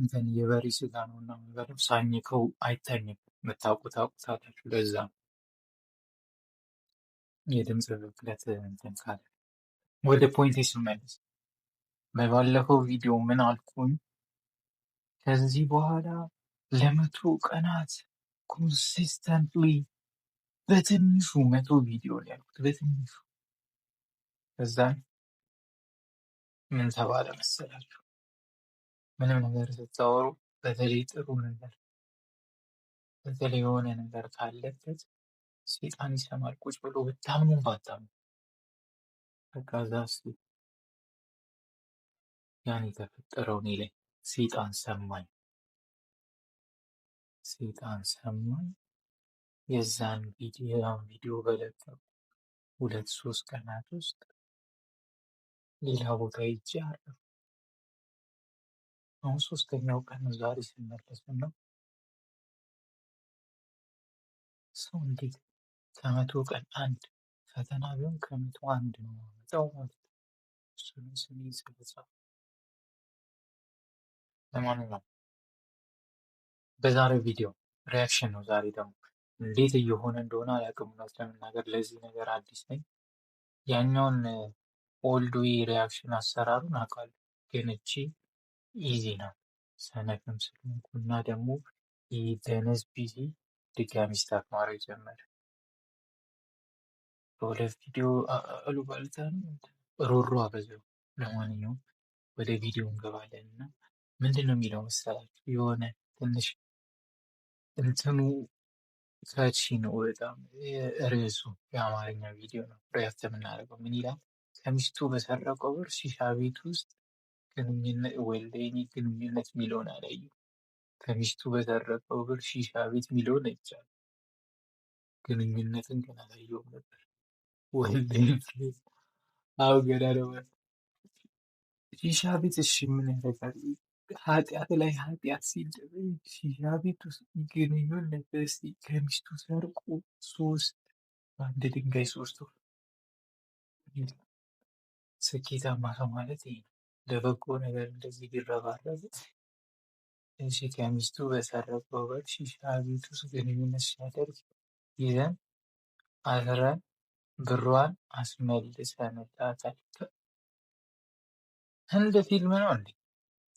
እንትን የበሬ ስጋ ነው እና የምንበላው ሳኝከው አይታኝም። የምታውቁት አውቁታላችሁ። ለዛ የድምፅ ብክለት እንትን ካለ ወደ ፖይንት ስመለስ በባለፈው ቪዲዮ ምን አልኩኝ? ከዚህ በኋላ ለመቶ ቀናት ኮንሲስተንትሊ በትንሹ መቶ ቪዲዮ ነው ያልኩት። በትንሹ ከዛን ምን ተባለ መሰላችሁ? ምንም ነገር ስታወሩ በተለይ ጥሩ ነገር በተለይ የሆነ ነገር ካለበት ሴጣን ይሰማል። ቁጭ ብሎ ብታምኑም ባታምኑ በቃ እዛ ያን የተፈጠረው እኔ ላይ ሴጣን ሰማኝ፣ ሴጣን ሰማኝ። የዛን ቪዲዮን ቪዲዮ በለቀቁ ሁለት ሶስት ቀናት ውስጥ ሌላ ቦታ ይጃ አረፍኩ። አሁን ሶስተኛው ቀን ዛሬ ሲመለስ እና ሰው እንዴት ከመቶ ቀን አንድ ፈተና ቢሆን ከመቶ አንድ ነው የሚመጣው ማለት ነው። እሱንም ስሜ ለማንኛውም በዛሬው ቪዲዮ ሪያክሽን ነው። ዛሬ ደግሞ እንዴት እየሆነ እንደሆነ አላውቅም፣ እውነት ለመናገር ለዚህ ነገር አዲስ ነኝ። ያኛውን ኦልድ ዌይ ሪያክሽን አሰራሩን አውቃለሁ፣ ግን እቺ ኢዜና ሰነፍም ስለሆንኩ እና ደግሞ የደነዝ ቢዚ ድጋሚ ስታርት ማድረግ ጀመረ። በሁለት ቪዲዮ አሉ ባልታን ሮሮ አበዛው። ለማንኛውም ወደ ቪዲዮ እንገባለን እና ምንድን ነው የሚለው መሰላችሁ የሆነ ትንሽ እንትኑ ከቺ ነው በጣም ርዕሱ የአማርኛ ቪዲዮ ነው። ሪያክት የምናደርገው ምን ይላል? ከሚስቱ በሰረቀው ብር ሺሻ ቤት ውስጥ ግንኙነት ወል ግንኙነት የሚለውን አላዩ ከሚስቱ በተረፈው ብር ሺሻ ቤት የሚለውን አይቻለሁ። ግንኙነትን ግን አላየሁም ነበር። ወልዴ አዎ ገና ነው። ሺሻ ቤት እሺ ምን ያደርጋል? ኃጢአት ላይ ኃጢአት ሲል ሺሻ ቤት ውስጥ ግንኙነት እስቲ ከሚስቱ ሰርቁ ሶስት በአንድ ድንጋይ ሶስት ወፍ ስኬታማ ሰው ማለት ይሄ ነው። ለበጎ ነገር እንደዚህ ቢረባረብ እንጂ ከሚስቱ በሰረቀ ውበት ሺሻ ቤት ውስጥ ግንኙነት ሲያደርግ ይዘን አስረን ብሯን አስመልሰንላታል። እንደ ፊልም ነው እንዴ?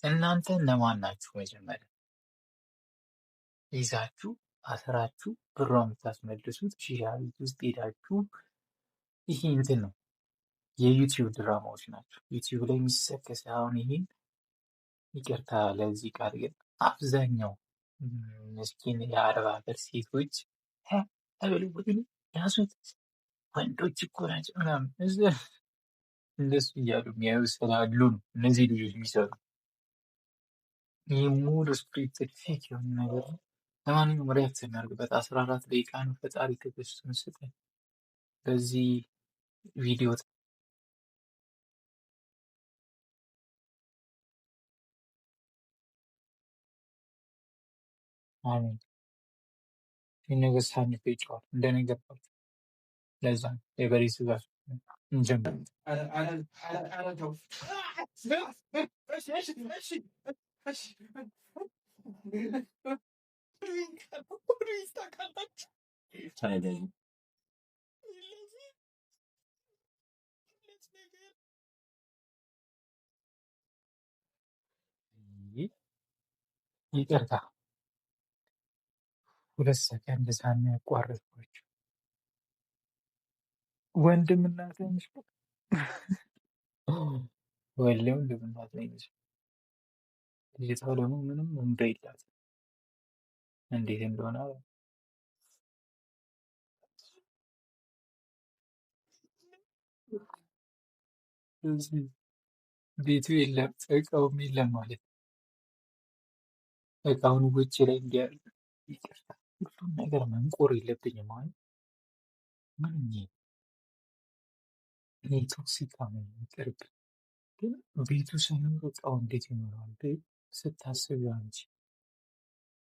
እናንተ እነማን ናችሁ? መጀመሪያ ይዛችሁ አስራችሁ ብሯን የምታስመልሱት ሺሻ ቤት ውስጥ ሄዳችሁ ይህ እንትን ነው የዩቲዩብ ድራማዎች ናቸው። ዩቲዩብ ላይ የሚሰከስ አሁን ይሄን ይቅርታ ለዚህ ቃል ግን አብዛኛው ምስኪን የአረብ ሀገር ሴቶች ተብሎ ያሱት ወንዶች እኮ ናቸው ምናምን እንደሱ እያሉ የሚያዩ ስላሉ ነው እነዚህ ልጆች የሚሰሩ ይህ ሙሉ ስፕሪት ፌክ የሆነ ነገር ነው። ለማንኛውም ሪያክት የሚያደርግበት አስራ አራት ደቂቃ ነው። ፈጣሪ ትዕግስቱን ስጠን። በዚህ ቪዲዮ አሜን። ይህ ነገር ሳንፍ ለዛ የበሬ ስጋ እንጀምር። ይቅርታ ሁለት ሰከንድ ሳና ያቋረጥኳቸው ወንድም እናት ይመስላል። ወላሂ ወንድም እናት ነው ይመስላል። ልጅቷ ደግሞ ምንም እንባ የላት እንዴት እንደሆነ አላውቅም። ቤቱ የለም እቃውም የለም ማለት እቃውን ውጭ ላይ እንዲያለ ሁሉም ነገር መንቆር የለብኝም። አይ ምንም የቶክሲካ ነው የሚቀርብ ግን ቤቱ ሳይሆን እቃው እንዴት ይኖረዋል? ቤት ስታስብ አንቺ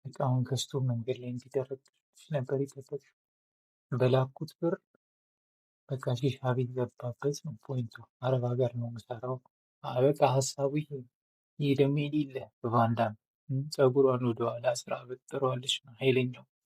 እቃውን ከስቶ መንገድ ላይ እንዲደረግ ነበር ይጠበቅ በላኩት ብር በቃ ሺሻ ቤት ገባበት ነው ፖይንቱ። አረብ ሀገር ነው የምሰራው። በቃ ሀሳቡ ይሄ ይህ ደግሞ የሌለ በቫንዳም ፀጉሯን ወደኋላ ስራ በጥሯዋለች ነው ኃይለኛው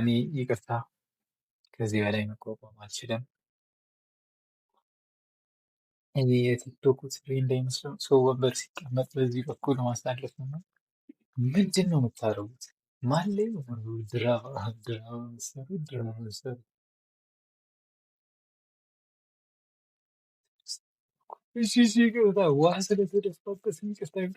እኔ ይቅርታ ከዚህ በላይ መቋቋም አልችልም። እኔ የቲክቶክ ስሪ እንዳይመስለው ሰው ወንበር ሲቀመጥ በዚህ በኩል ማሳለፍ ነው። ምንድን ነው የምታረጉት? ማለ ድራማ ድራማ ሰሩ ድራማ ሰሩ። እሺ ይቅርታ። ውሃ ስለተደፋበት ይቅርታ።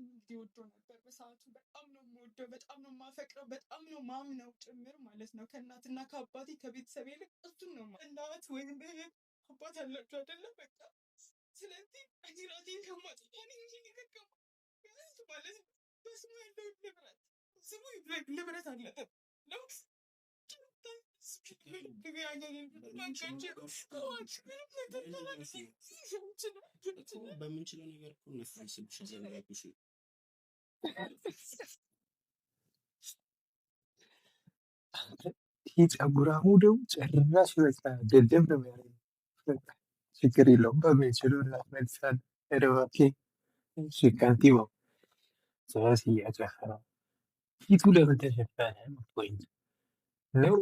እንግዲህ ወደው ነበር በሰዓቱ። በጣም ነው የምወደው፣ በጣም ነው የማፈቅረው፣ በጣም ነው ማምነው ጭምር ማለት ነው። ከእናትና ከአባቴ ከቤተሰብ ይልቅ እሱን ነው እናት ወይም አባት ያላችሁ አይደለ? በቃ ስለዚህ አጅራቴ ከማጥፋን እንጂ ሊጠቀሙ ማለት በስሙ ያለው ንብረት ስሙ ንብረት አለጠ ለውስ በምንችለው ነገር እኮ እናስተሳስብሽ ዘላያሽ ጸጉራሙ ደግሞ ጨራሽ በቃ ነው ያለው። ችግር የለውም። በምንችለው እናስመልሳል። ፊቱ ለምን ተሸፈነ? ነው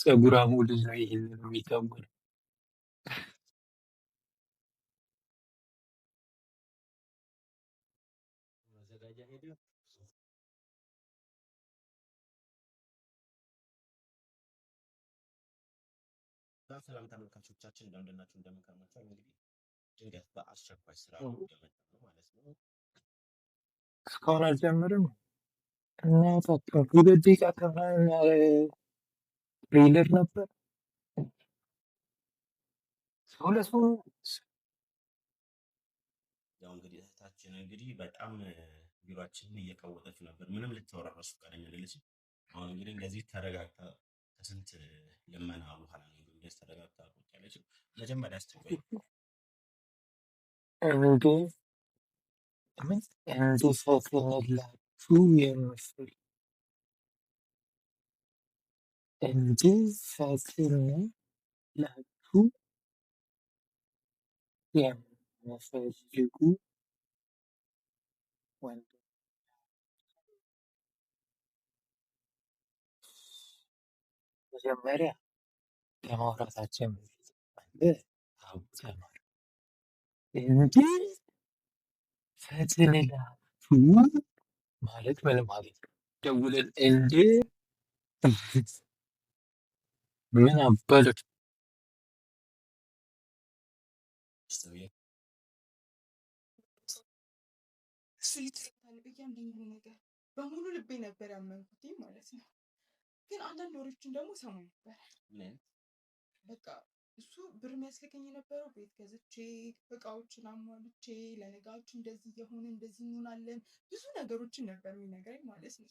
ፀጉራሙ ልጅ ነው ይህንን የሚከውን ሰላም ተመልካቾቻችን እንደምንደናቸው እንደምንከርማቸው እንግዲህ ድንገት በአስቸኳይ ስራ ነው ማለት ነው። እስካሁን አልጀምርም እና ጠጣ ሁለት ደቂቃ ትሬለር ነበር። ሁለት ሰው ያው እንግዲህ እህታችን እንግዲህ በጣም ቢሯችንን እየቀወጠች ነበር። ምንም ልታወራ እራሱ ፈቃደኛ አይደለችም። አሁን እንግዲህ እንደዚህ ተረጋግታ ከስንት ልመና በኋላ ነው እንግዲህ እንደዚህ ተረጋግታ ቁጭ ያለችው። መጀመሪያ አስቸኳይ እንዴ ምን እንዴ ሰው ከነላችሁ የምስል እንጂ ፈጥኜ ላችሁ የምፈልጉ ወንድ መጀመሪያ ከማውራታችን በፊት አንድ አውቀ ማለት ማለት ምን ማለት ነው? ደውለን ምን አባሉት በሙሉ ልቤ ነበር ያመንኩት ማለት ነው። ግን አንዳንድ ወሬዎችን ደግሞ ሰማ ነበር። በቃ እሱ ብር የሚያስልከኝ የነበረው ቤት ገዝቼ እቃዎችን አሟልቼ ለነጋችን እንደዚህ እየሆነ እንደዚህ እንሆናለን ብዙ ነገሮችን ነበር የሚነግረኝ ማለት ነው።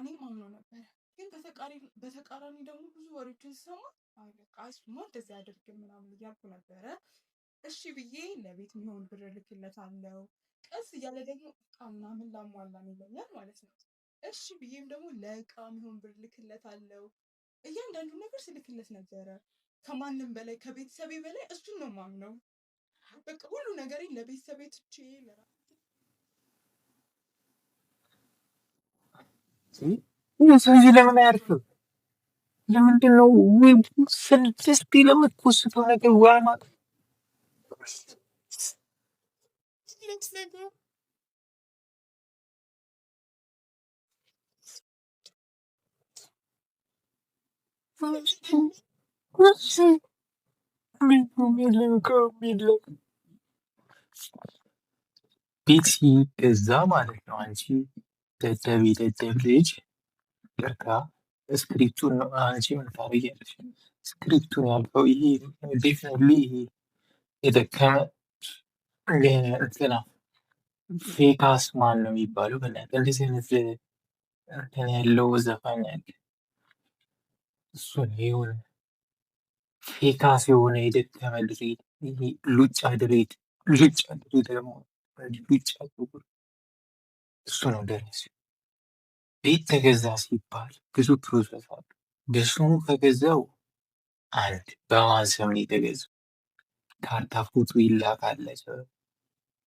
እኔም አምኖ ነበረ ግን በተቃራኒ ደግሞ ብዙ ወሬዎችን ስሰማ ቃስማ እንደዚህ አድርግ ምናምን እያልኩ ነበረ። እሺ ብዬ ለቤት የሚሆን ብር አለው። ቀስ እያለ ደግሞ እቃ ምናምን ላሟላን ይለኛል ማለት ነው። እሺ ብዬም ደግሞ ለእቃ የሚሆን ብር አለው። እያንዳንዱ ነገር ስልክለት ነበረ። ከማንም በላይ ከቤተሰቤ በላይ እሱን ነው ማምነው። በቃ ሁሉ ነገሬን ለቤተሰቤ ትቼ ለራ ስለዚህ ለምን አያርፍም? ለምንድን ነው ወይ ስድስት ለምትኮስተው ነገር ዋማ ቤቲ እዛ ማለት ነው። አንቺ ደደቤ ደደብ ልጅ ለካ ስክሪፕቱን ነው አንቺ ምን ታደርጊያለሽ? ስክሪፕቱን ያልከው ይሄ ዴፊኒትሊ የደከመ እንትና ፌካስ ማን ነው የሚባለው? በእናትህ እንደዚህ አይነት እንትን ያለው ዘፋኝ አለ። እሱን የሆነ ፌካስ የሆነ የደከመ ድሬድ፣ ሉጫ ድሬድ፣ ሉጫ ድሬድ ደግሞ ሉጫ ጸጉር እሱ ነው ደረስ ቤት ተገዛ ሲባል ብዙ ፕሮሰስ አሉ። ገሽሙ ከገዛው አንድ በማሰብ ነው የተገዛው። ካርታ ፎቶ ይላካል ሰው፣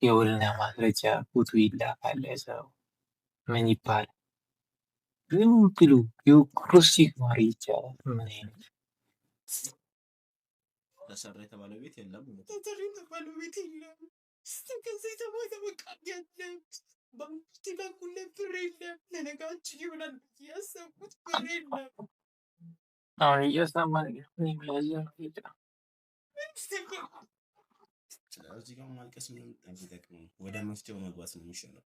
የውልና ማስረጃ ፎቶ ይላካል ሰው። ምን ይባላል? ዝም ብሎ የክሮስቲክ ማሪ ይቻላል። ምን አይነት ተሰራ የተባለ ቤት የለም። ተሰራ የተባለ ቤት የለም። ተገዛ የተባለ በቃ ያለ በአንቺ በኩል ብር የለም። ለነጋችን ይሆናል ያሰብኩት ብር የለም። አሁን እየሰማን እዚህ ጋር ማልቀስ ምንም አይጠቅምም። ወደ መፍትሄው መግባት ነው የሚሻለው።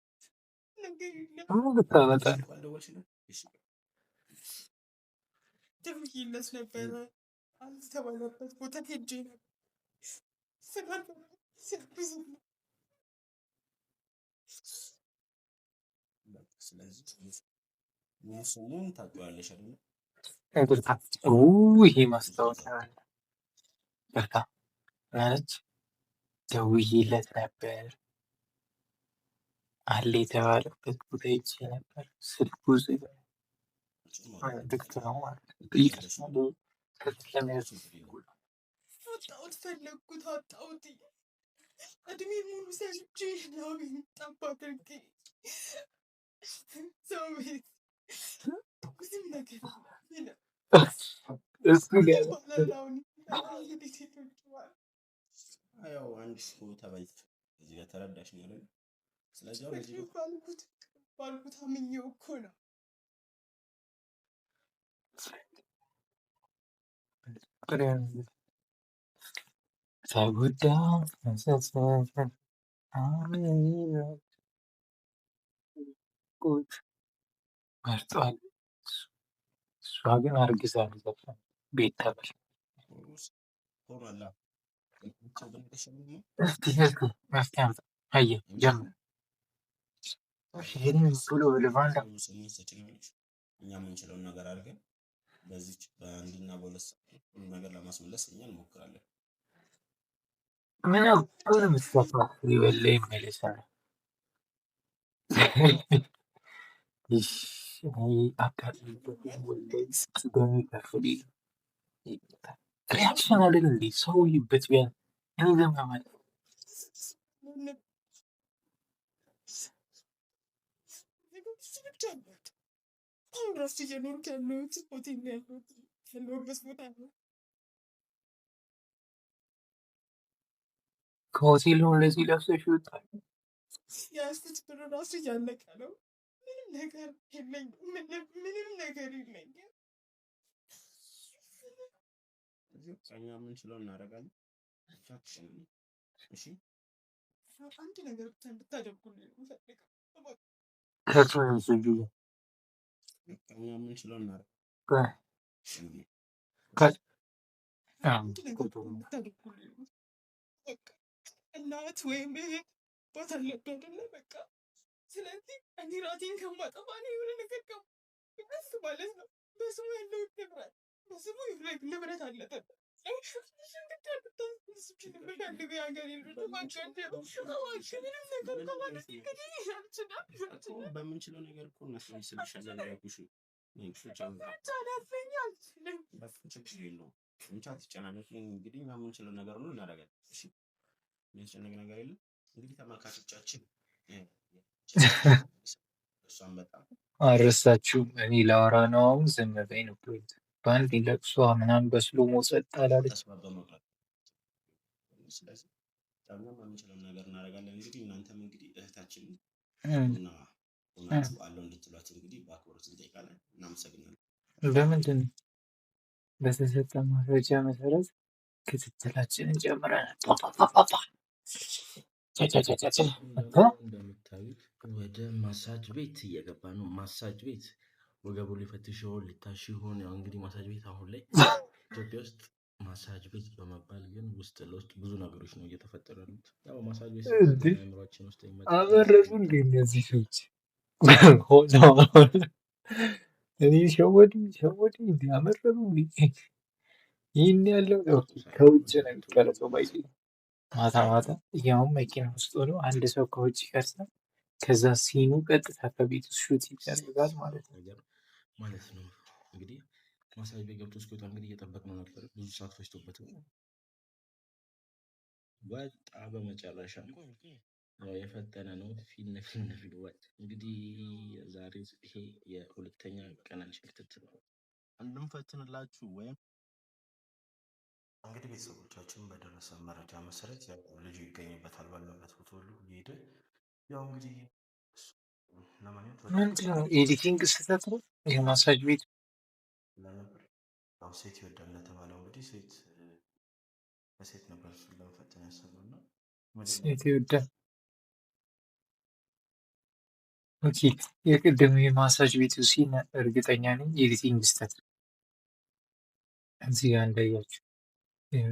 ደውዬለት ነበረ። አንድ ቦታ ሄጄ ነበር። ይሄ ማስታወቂያ ማለት ደውዬለት ነበር አለ የተባለበት ቦታ ይቼ ነበር። ስልኩ ዝግት ነው ማለት ፈለግኩት፣ አጣሁት። እድሜ ሙሉ ሰርቼ ላቤን ጠብ አድርጌ ያው አንድ ሰው ተበልቶ እዚህ ጋር ተረዳሽ ነው ያለው። ስለዚህ ባልኩት ባልኩት አምኜው እኮ ነው ተጎዳ መርጧል። እሷ ግን አርግዛለች። ቤት ተበል እኛ የምንችለውን ነገር አድርገን በዚች በአንድና በሁለት ሁሉ ነገር ለማስመለስ እኛ እንሞክራለን። ምን ይመለሳል። ich hey, habe gerade ein bisschen Lies zu gehen für die Reaction a little Lies, sorry, but we are in the moment. Un rastillón en canut, o dinero, que no hemos mudado. Como si lo hubiese ido a hacer yo también. Ya, este chico no rastillón en canut. ምንም ነገር የለኝ፣ ምንም ነገር የለኝ። እኛ የምንችለው እናደርጋለን። እሺ አንድ ነገር ብቻ እንድታደርጉልኝ እናት ወይም ቦታ አለብህ አይደለ? በቃ ስለዚህ እኔ ራቴን ከማጠፋ እኔ የሆነ ነገር ከእሱ ማለት ነው። በስሙ ያለው ንብረት በስሙ ንብረት አለበት በምንችለው ነገር እኮ እነሱ ስልሻለን ያጉሽ ቻለኛልችግር ትጨናነቅ። እንግዲህ በምንችለው ነገር ሁሉ እናደርጋለን። የሚያስጨንቅ ነገር የለም። እንግዲህ ተመልካቾቻችን አረሳችሁ እኔ ላወራ ነው አሁን ዝም በይ ነበር። በአንድ ለቅሷ ምናምን በስሎ መውሰጥ አላለች። ነገር እናደርጋለን። እንግዲህ እንግዲህ እህታችን በአክብሮት እንጠይቃለን። በምንድን በተሰጠ ማስረጃ መሰረት ክትትላችንን ጨምረናል። እንደምታዩት ወደ ማሳጅ ቤት እየገባ ነው። ማሳጅ ቤት ወገቡ ሊፈትሽ ይሆን ሊታሽ ይሆን? ያው እንግዲህ ማሳጅ ቤት አሁን ላይ ኢትዮጵያ ውስጥ ማሳጅ ቤት በመባል ግን ውስጥ ለውስጥ ብዙ ነገሮች ነው እየተፈጠሩ ያሉት። ያው ማሳጅ ቤት ኑሯችን ውስጥ አበረዱ እንደ እነዚህ ሰዎች እኔ ሸወዱ ሸወዱ አመረሩ ይህን ያለው ከውጭ ነው የሚቀረጸው። ባይ ማታ ማታ ያውም መኪና ውስጥ ሆኖ አንድ ሰው ከውጭ ይቀርጻል። ከዛ ሲኑ ቀጥታ ከቤት ሹት ይደረጋል ማለት ነው ማለት ነው። እንግዲህ ማሳጅ ቤት ገብቶ እስኪወጣ እንግዲህ እየጠበቅነው ነበር። ብዙ ሰዓት ፈጅቶበት ወጣ። በመጨረሻ የፈጠነ ነው ፊል ነፊል ነፊል ወጥ። እንግዲህ ዛሬ ይሄ የሁለተኛ ቀናችን ክትትል ነው። እንድንፈትንላችሁ ወይም እንግዲህ ቤተሰቦቻችን በደረሰ መረጃ መሰረት ያው ልጁ ይገኝበታል ባለበት ቦታ ሁሉ እየሄደ ያው እንግዲህ ኤዲቲንግ ስህተት ነው ይህ ማሳጅ ቤት ሴት ይወዳል ለተባለው እንግዲህ ሴት በሴት ነበር እሱን ለመፈተን ያሰበው እና ሴት ይወዳል። ኦኬ የቅድም የማሳጅ ቤቱ ሲን እርግጠኛ ነኝ ኤዲቲንግ ስህተት ነው። እዚህ ጋ እንዳያችሁ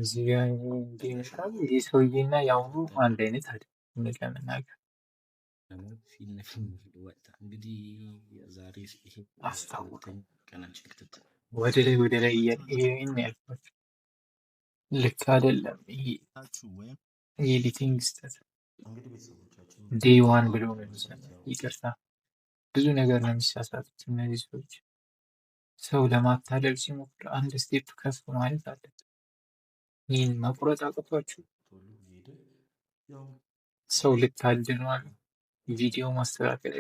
እዚህ ጋ እንዲመስላል ይመስላል። የአሁኑ አንድ አይነት አይደለም ለመናገር ፊት ለፊት ወጣ። እንግዲህ ዛሬ ቀናችን ክትትል ወደ ላይ ወደ ላይ ይሄን ያልኩት ልክ አይደለም። ኤዲቲንግ ስተት ዴይ ዋን ብሎ ነው የሚሰራው። ይቅርታ ብዙ ነገር ነው የሚሳሳቱት እነዚህ ሰዎች። ሰው ለማታለል ሲሞክር አንድ ስቴፕ ከፍ ማለት አለበት። ይህን መቁረጥ አቅቷችሁ ሰው ልታድነዋል ቪዲዮ ማስተካከል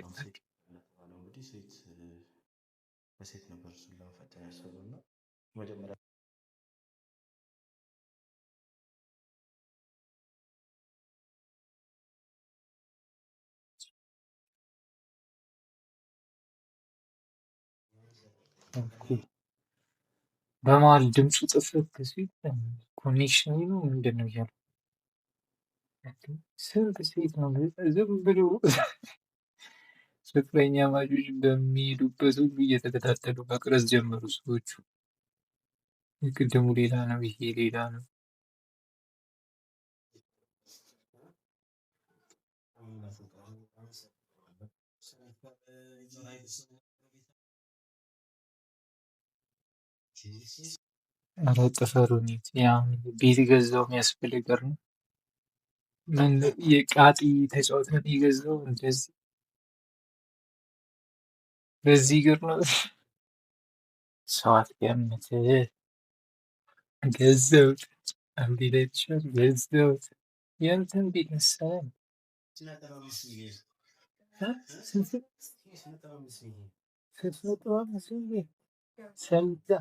በሴት ነበር እሱን እና መጀመሪያ በመሀል ድምፁ ጥፍት ሲል ኮኔክሽን ነው ምንድን ነው እያሉ ስንት ሴት ነው ዝም ብሎ ፍቅረኛ ማጆች በሚሄዱበት ሁሉ እየተከታተሉ መቅረጽ ጀመሩ። ሰዎቹ የቅድሙ ሌላ ነው፣ ይሄ ሌላ ነው። ኧረ ጥፈሩን ቤት ገዛው የሚያስፈልገር ነው። የቃጢ ተጫውተን የገዛው እንደዚህ በዚህ እግር ነው ሰዋት ገምት ገዘውት እንዲለችል ገዘውት የንትን ቤት መሰለኝ ሰምታ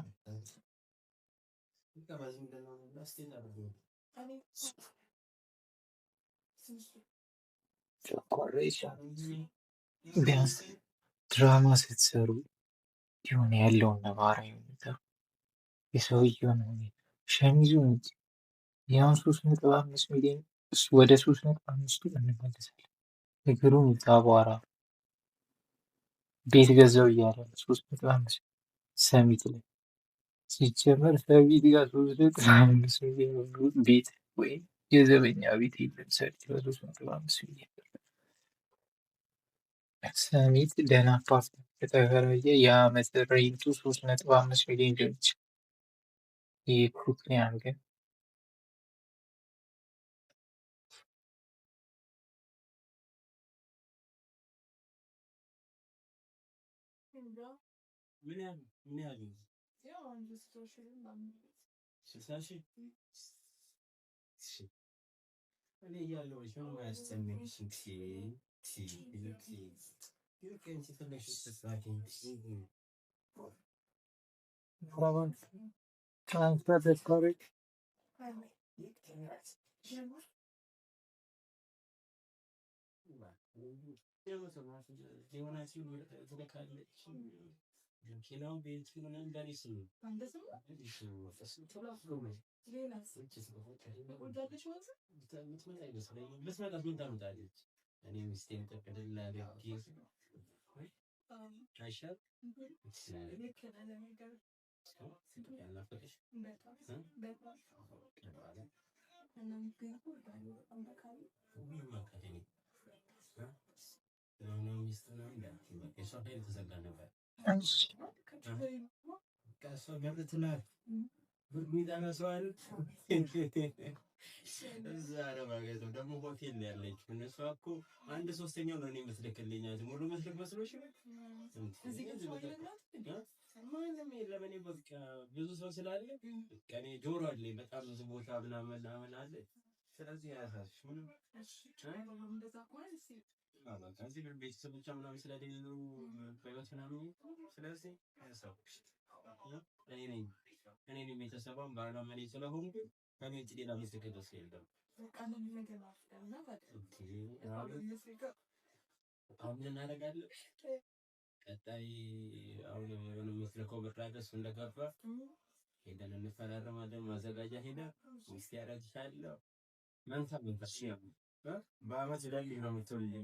ቢያንስ ድራማ ስትሰሩ የሆነ ያለውን ነባራዊ ሁኔታ፣ የሰውየውን ሁኔታ፣ እንጂ ቢያንስ ነጥብ አምስት ሚሊዮን ወደ ሦስት ነጥብ አምስቱ እንመለሳለን። እግሩን አቧራ ቤት ገዛው እያለ ነጥብ አምስት ሰሚት ላይ ሲጀመር ሰሚት ጋር ሶስት ነጥብ አምስት ሚሊዮን ቤት ወይም የዘበኛ ቤት የለም ሰርች በሶስት መቶ አምስት ሚሊዮን ሰሚት ደህና አፓርትመንት ከተከራየ የአመት ሬንቱ ሶስት ነጥብ አምስት ሚሊዮን ሊሆን ይችላል። ግን ምን ያህል ምን ያህል እኔ እያለሁሽ ነው ያስጨነቅሽ። ትንሽ ሚስት ነው የተዘጋ ነበር። እዛ ለማገዝ ነው ሆቴል ነው አንድ ሶስተኛው ነው የምትልክልኝ ሙሉ መስልክ መስሎሽ ማንም የለም። እኔ በቃ ብዙ ሰው ስላለ በቃ ጆሮ አለኝ በጣም ብዙ ቦታ ምናምን ምናምን አለ። ስለዚህ ያሳሽ ምንም ቤተሰቦቿ ምናምን ስለሌሉ በሕይወት ምናምን ስለዚህ ሰው እኔ ነኝ እኔ ነኝ ቤተሰባም ባሏም እኔ ስለሆንኩ ከቤት ሌላ ምስክር ደስ የለም። አሁን እናደርጋለን ቀጣይ አሁን የሆነ የምትልከው ብራቅ እንደገባ ሄደን እንፈራረማለን። ማዘጋጃ ሄደ ውስጥ ያደርግሻለሁ መንታ መንፈስ በአመት ላይ ነው የምትውልኝ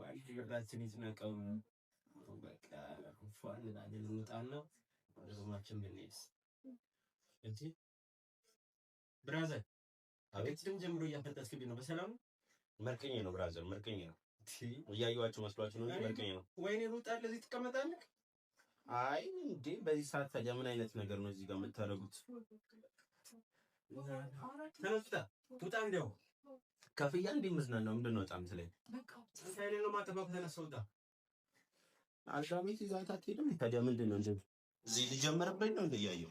ዋል ግብራችን ይዝነቀው በቃ ፏልን አገል እንውጣና ወደ ሩማችን ብንሄድስ? እንጂ ብራዘር፣ አቤት ድም ጀምሮ እያፈጠስክብኝ ነው። በሰላም መርቀኝ ነው ብራዘር፣ መርቀኝ ነው። እያየኋቸው መስሏችሁ ነው። መርቀኝ ነው። ወይኔ ሩጣ፣ ለዚህ ትቀመጣለህ? አይ እንዴ፣ በዚህ ሰዓት ታዲያ ምን አይነት ነገር ነው እዚህ ጋር የምታደርጉት? ተነስታ ውጣ። እንደው ከፍያ እንዴ መዝናናው ምንድን ነው? በጣም ስለኝ በቃ ሳይሌ ነው ማጠባብ ተነስተውታ አልጋ ቤት ይዛት አትሄድም። ታዲያ ምንድን ነው እዚህ ሊጀምርብኝ ነው እያየሁ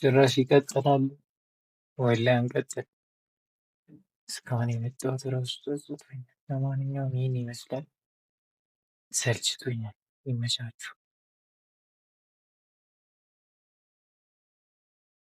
ጭራሽ ይቀጥላሉ። ወላሂ አንቀጥል እስካሁን የመጣሁት እራሱ ጸጽቶኛል። ለማንኛውም ይህን ይመስላል። ሰልችቶኛል። ይመቻችሁ።